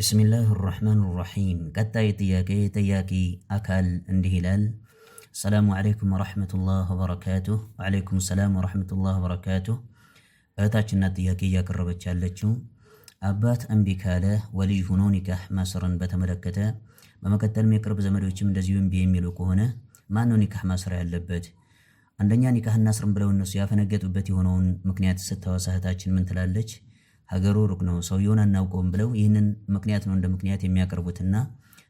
ቢስሚላህ ራህማን ራሒም። ቀጣይ ጥያቄ ጠያቂ አካል እንዲህ ይላል፣ አሰላሙ ዓለይኩም ወረሕመቱላህ ወበረካቱሁ። ወዓለይኩም ሰላም ወረሕመቱላህ ወበረካቱሁ። እህታችንና ጥያቄ እያቀረበች ያለችው አባት እምቢ ካለ ወልይ ሆኖ ኒካህ ማስርን በተመለከተ፣ በመቀጠልም የቅርብ ዘመዶችም እንደዚሁ እምቢ የሚሉ ከሆነ ማን ነው ኒካህ ማስር ያለበት? አንደኛ ኒካህ እናስርን ብለው እነሱ ያፈነገጡበት የሆነውን ምክንያት ስታወሳ እህታችን ምን ትላለች? ሀገሩ ሩቅ ነው፣ ሰውየውን አናውቀውም ብለው ይህንን ምክንያት ነው እንደ ምክንያት የሚያቀርቡትና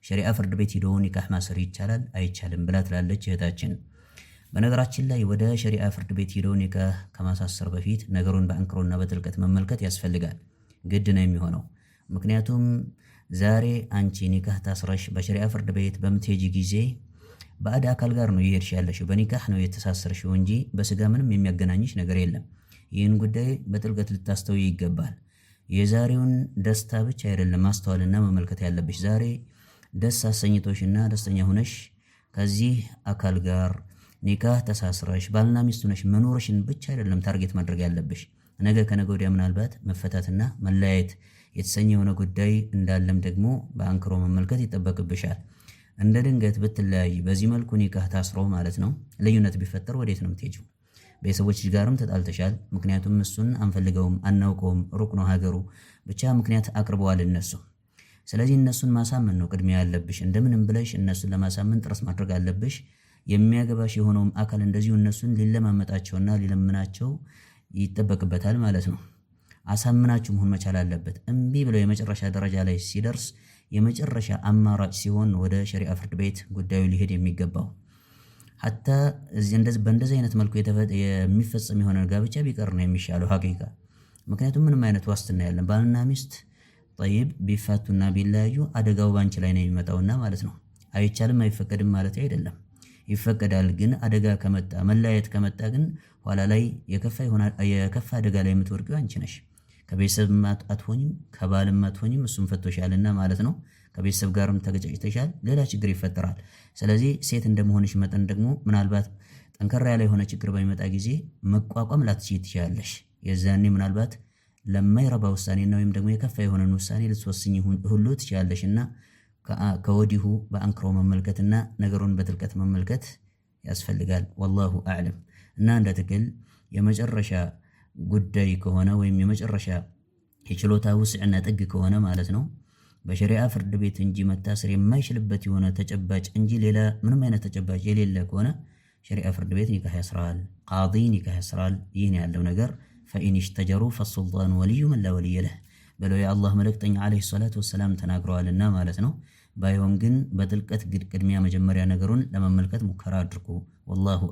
ሸሪዓ ፍርድ ቤት ሂደውን ኒካህ ማሰር ይቻላል አይቻልም ብላ ትላለች እህታችን። በነገራችን ላይ ወደ ሸሪአ ፍርድ ቤት ሂዶ ኒካህ ከማሳሰር በፊት ነገሩን በአንክሮና በጥልቀት መመልከት ያስፈልጋል፣ ግድ ነው የሚሆነው። ምክንያቱም ዛሬ አንቺ ኒካህ ታስረሽ በሸሪዓ ፍርድ ቤት በምትሄጂ ጊዜ በአድ አካል ጋር ነው ይሄድሽ ያለሽው፣ በኒካህ ነው የተሳሰርሽው እንጂ በስጋ ምንም የሚያገናኝሽ ነገር የለም። ይህን ጉዳይ በጥልቀት ልታስተውይ ይገባል። የዛሬውን ደስታ ብቻ አይደለም ማስተዋልና መመልከት ያለብሽ። ዛሬ ደስ አሰኝቶሽና ደስተኛ ሆነሽ ከዚህ አካል ጋር ኒካህ ተሳስረሽ ባልና ሚስት ሆነሽ መኖርሽን ብቻ አይደለም ታርጌት ማድረግ ያለብሽ። ነገ ከነገ ወዲያ ምናልባት መፈታትና መለያየት የተሰኘ የሆነ ጉዳይ እንዳለም ደግሞ በአንክሮ መመልከት ይጠበቅብሻል። እንደ ድንገት ብትለያይ በዚህ መልኩ ኒካህ ታስሮ ማለት ነው ልዩነት ቢፈጠር ወዴት ነው የምትሄጂው? ቤተሰቦች ጋርም ተጣልተሻል። ምክንያቱም እሱን አንፈልገውም፣ አናውቀውም፣ ሩቅ ነው ሀገሩ ብቻ ምክንያት አቅርበዋል እነሱ። ስለዚህ እነሱን ማሳመን ነው ቅድሚያ ያለብሽ። እንደምንም ብለሽ እነሱን ለማሳመን ጥረት ማድረግ አለብሽ። የሚያገባሽ የሆነውም አካል እንደዚሁ እነሱን ሊለማመጣቸውና ሊለምናቸው ይጠበቅበታል ማለት ነው። አሳምናችሁ መሆን መቻል አለበት። እምቢ ብለው የመጨረሻ ደረጃ ላይ ሲደርስ የመጨረሻ አማራጭ ሲሆን ወደ ሸሪአ ፍርድ ቤት ጉዳዩ ሊሄድ የሚገባው ሀታ በእንደዚህ አይነት መልኩ የሚፈጸም የሆነ ጋብቻ ቢቀር ነው የሚሻለው ሀቂቃ። ምክንያቱም ምንም አይነት ዋስትና ያለን ባልና ሚስት ጠይብ ቢፋቱና ቢለያዩ አደጋው ባንቺ ላይ ነው የሚመጣውና ማለት ነው። አይቻልም አይፈቀድም ማለት አይደለም፣ ይፈቀዳል። ግን አደጋ ከመጣ መለያየት ከመጣ ግን ኋላ ላይ የከፋ አደጋ ላይ የምትወድቂው አንቺ ነሽ። ከቤተሰብ አትሆኝም ከባልም አትሆኝም፣ እሱም ፈቶሻልና ማለት ነው። ከቤተሰብ ጋርም ተገጫጭተሻል፣ ሌላ ችግር ይፈጠራል። ስለዚህ ሴት እንደመሆንሽ መጠን ደግሞ ምናልባት ጠንከራ ያለ የሆነ ችግር በሚመጣ ጊዜ መቋቋም ላትችይ ትችላለሽ። የዛኔ ምናልባት ለማይረባ ውሳኔና ወይም ደግሞ የከፋ የሆነን ውሳኔ ልትወስኝ ሁሉ ትችላለሽ እና ከወዲሁ በአንክሮ መመልከትና ነገሩን በጥልቀት መመልከት ያስፈልጋል። ወላሁ አዕለም እና እንደ ትግል የመጨረሻ ጉዳይ ከሆነ ወይም የመጨረሻ የችሎታ ውስዕና ጥግ ከሆነ ማለት ነው በሸሪዓ ፍርድ ቤት እንጂ መታሰር የማይችልበት የሆነ ተጨባጭ እንጂ ሌላ ምንም አይነት ተጨባጭ የሌለ ከሆነ ሸሪዓ ፍርድ ቤት ኒካህ ያስራል፣ ቃዲ ኒካህ ያስራል። ይህን ያለው ነገር ፈኢን ሽተጀሩ ፈሱልጣኑ ወልዩ ምን ላ ወልየ ለህ ብለው የአላህ መልእክተኛ ዓለይሂ ሰላቱ ወሰላም ተናግረዋልና ማለት ነው። ባይሆን ግን በጥልቀት ቅድሚያ መጀመሪያ ነገሩን ለመመልከት ሙከራ አድርጉ። ወላሁ